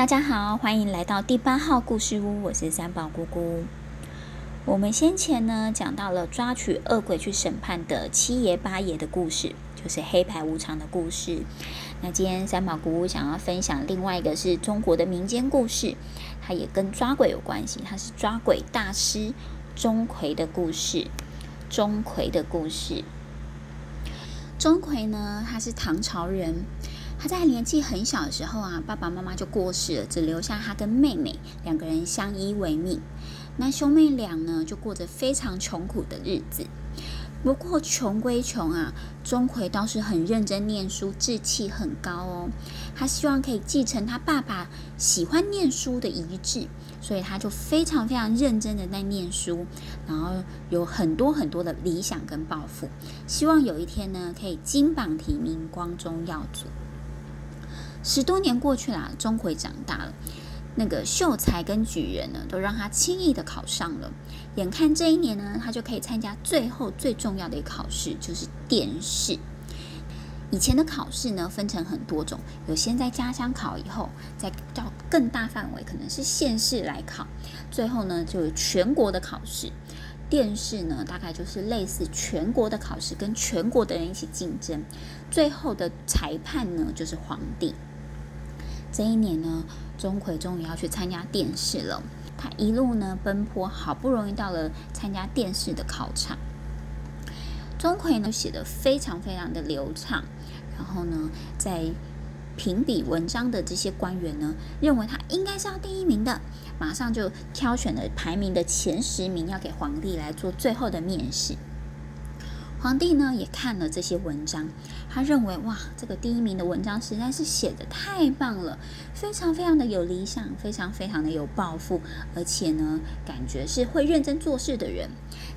大家好，歡迎來到第八號故事屋，我是三寶菇菇。我們先前呢講到了抓取惡鬼去審判的七爺八爺的故事，就是黑白無常的故事。那今天三寶菇菇想要分享另外一個是中國的民間故事，它也跟抓鬼有關係，它是抓鬼大師鍾馗的故事。鍾馗的故事，鍾馗呢他是唐朝人。他在年紀很小的時候啊，爸爸媽媽就過世了，只留下他跟妹妹兩個人相依為命。那兄妹倆呢，就過着非常窮苦的日子。不過窮歸窮啊，鍾馗倒是很認真念書，志氣很高哦。他希望可以繼承他爸爸喜歡念書的遺志，所以他就非常非常認真地在念書，然後有很多很多的理想跟抱負，希望有一天呢，可以金榜題名，光宗耀祖。十多年過去了啊，鍾馗長大了。那個秀才跟舉人呢，都讓他輕易的考上了。眼看這一年呢，他就可以參加最後最重要的一個考試，就是殿試。以前的考試呢，分成很多種，有先在家鄉考，以後再到更大範圍，可能是縣市來考，最後呢，就有全國的考試。殿試呢，大概就是類似全國的考試，跟全國的人一起競爭，最後的裁判呢，就是皇帝。這一年呢，鍾馗終於要去參加殿試了。他一路呢奔波，好不容易到了參加殿試的考場。鍾馗呢寫得非常非常的流暢，然後呢在。評比文章的這些官員呢，認為他應該是要第一名的，馬上就挑選了排名的前十名要給皇帝來做最後的面試。皇帝呢也看了這些文章，他認為哇，這個第一名的文章實在是寫得太棒了，非常非常的有理想，非常非常的有抱負，而且呢，感覺是會認真做事的人。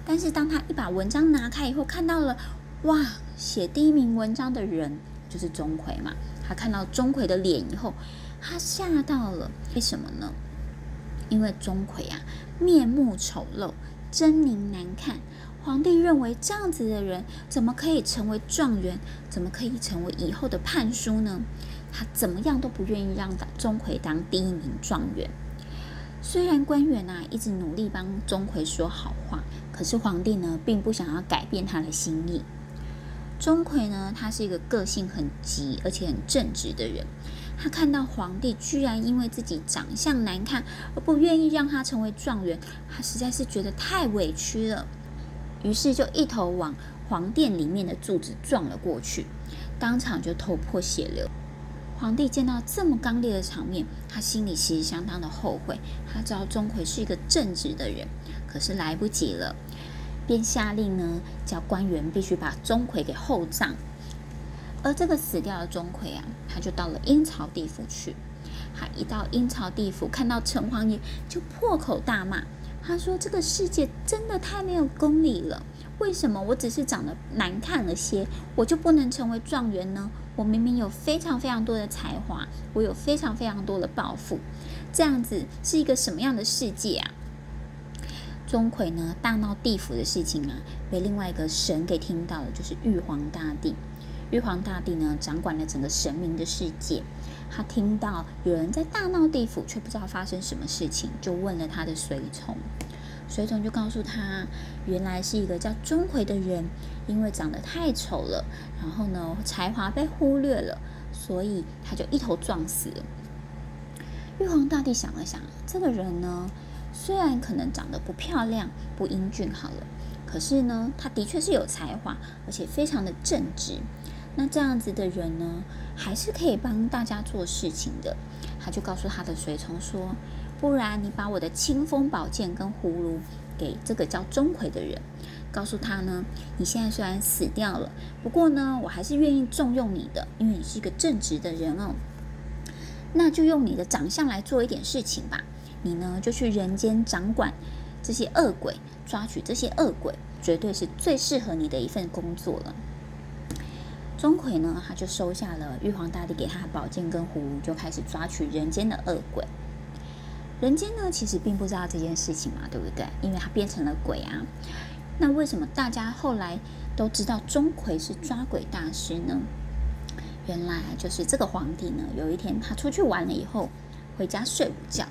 但是當他一把文章拿開以後，看到了哇，寫第一名文章的人就是鍾馗嘛。他看到鍾馗的臉以後，他嚇到了。為什麼呢？因為鍾馗啊面目醜陋，猙獰難看。皇帝認為這樣子的人怎麼可以成為狀元？怎麼可以成為以後的判書呢？他怎麼樣都不願意讓鍾馗當第一名狀元。雖然官員啊一直努力幫鍾馗說好話，可是皇帝呢並不想要改變他的心意。鍾馗呢，他是一個個性很急，而且很正直的人。他看到皇帝居然因為自己長相難看而不願意讓他成為狀元，他實在是覺得太委屈了，於是就一頭往皇殿裡面的柱子撞了過去，當場就頭破血流。皇帝見到這麼剛烈的場面，他心裡其實相當的後悔。他知道鍾馗是一個正直的人，可是來不及了。便下令呢，叫官員必須把鍾馗給厚葬。而這個死掉的鍾馗啊，他就到了陰曹地府去。他一到陰曹地府，看到城隍爺就破口大罵。他說：“這個世界真的太沒有公理了！為什麼我只是長得難看了些，我就不能成為狀元呢？我明明有非常非常多的才華，我有非常非常多的抱負，這樣子是一個什麼樣的世界啊？”鍾馗呢，大鬧地府的事情啊，被另外一個神給聽到了，就是玉皇大帝。玉皇大帝呢，掌管了整個神明的世界。他聽到有人在大鬧地府，卻不知道發生什麼事情，就問了他的隨從。隨從就告訴他，原來是一個叫鍾馗的人，因為長得太醜了，然後呢，才華被忽略了，所以他就一頭撞死了。玉皇大帝想了想，這個人呢，雖然可能長得不漂亮、不英俊，好了，可是呢，他的確是有才華，而且非常的正直。那這樣子的人呢，還是可以幫大家做事情的。他就告訴他的隨從說：“不然你把我的青鋒寶劍跟葫蘆給這個叫鍾馗的人，告訴他呢，你現在雖然死掉了，不過呢，我還是願意重用你的，因為你是一個正直的人哦。那就用你的長相來做一點事情吧。”你呢，就去人間掌管這些惡鬼，抓取這些惡鬼，絕對是最適合你的一份工作了。鍾馗呢，他就收下了玉皇大帝給他的寶劍跟葫蘆，就開始抓取人間的惡鬼。人間呢，其實並不知道這件事情嘛，對不對？因為他變成了鬼啊。那為什麼大家後來都知道鍾馗是抓鬼大師呢？原來就是這個皇帝呢，有一天他出去玩了以後，回家睡午覺。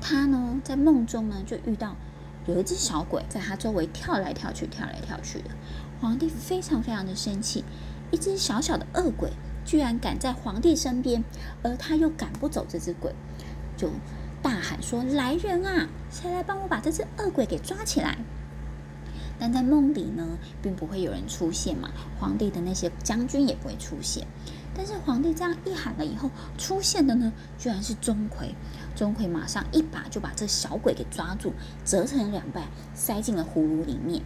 他呢，在夢中呢，就遇到有一隻小鬼在他周圍跳來跳去，跳來跳去的。皇帝非常非常的生氣，一隻小小的惡鬼居然敢在皇帝身邊，而他又趕不走這隻鬼，就大喊說：“來人啊，誰來幫我把這隻惡鬼給抓起來？”但在夢裡呢，並不會有人出現嘛，皇帝的那些將軍也不會出現。但是皇帝這樣一喊了以後，出現的呢，居然是鍾馗。鍾馗馬上一把就把這小鬼給抓住，折成兩半，塞進了葫蘆裡面。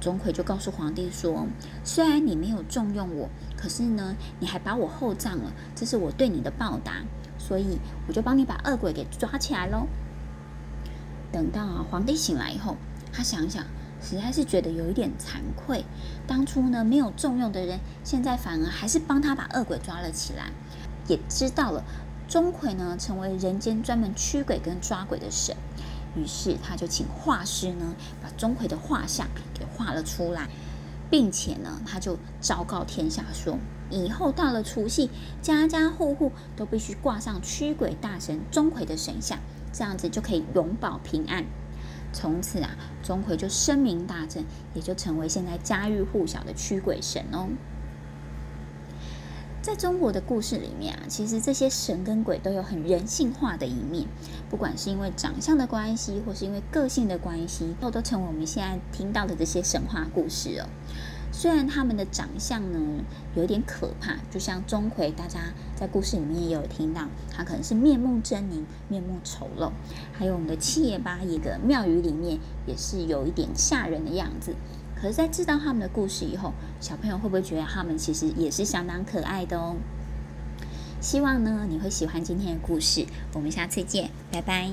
鍾馗就告訴皇帝說：“雖然你沒有重用我，可是呢，你還把我厚葬了，這是我對你的報答，所以我就幫你把惡鬼給抓起來嘍。”等到啊，皇帝醒來以後，他想想，實在是覺得有一點慚愧。當初呢，沒有重用的人，現在反而還是幫他把惡鬼抓了起來，也知道了。鍾馗呢，成為人間專門驅鬼跟抓鬼的神，於是他就請畫師呢，把鍾馗的畫像給畫了出來，並且呢，他就昭告天下說，以後到了除夕，家家戶戶都必須掛上驅鬼大神鍾馗的神像，這樣子就可以永保平安。從此啊，鍾馗就聲名大振，也就成為現在家喻戶曉的驅鬼神哦。在中國的故事裡面啊，其實這些神跟鬼都有很人性化的一面，不管是因為長相的關係，或是因為個性的關係，都都成為我們現在聽到的這些神話故事哦。雖然他們的長相呢，有一點可怕，就像鍾馗，大家在故事裡面也有聽到，他可能是面目猙獰、面目醜陋，還有我們的七爺八爺的廟宇裡面也是有一點嚇人的樣子。可是，在知道他們的故事以後，小朋友會不會覺得他們其實也是相當可愛的哦？希望呢，你會喜歡今天的故事。我們下次見，拜拜。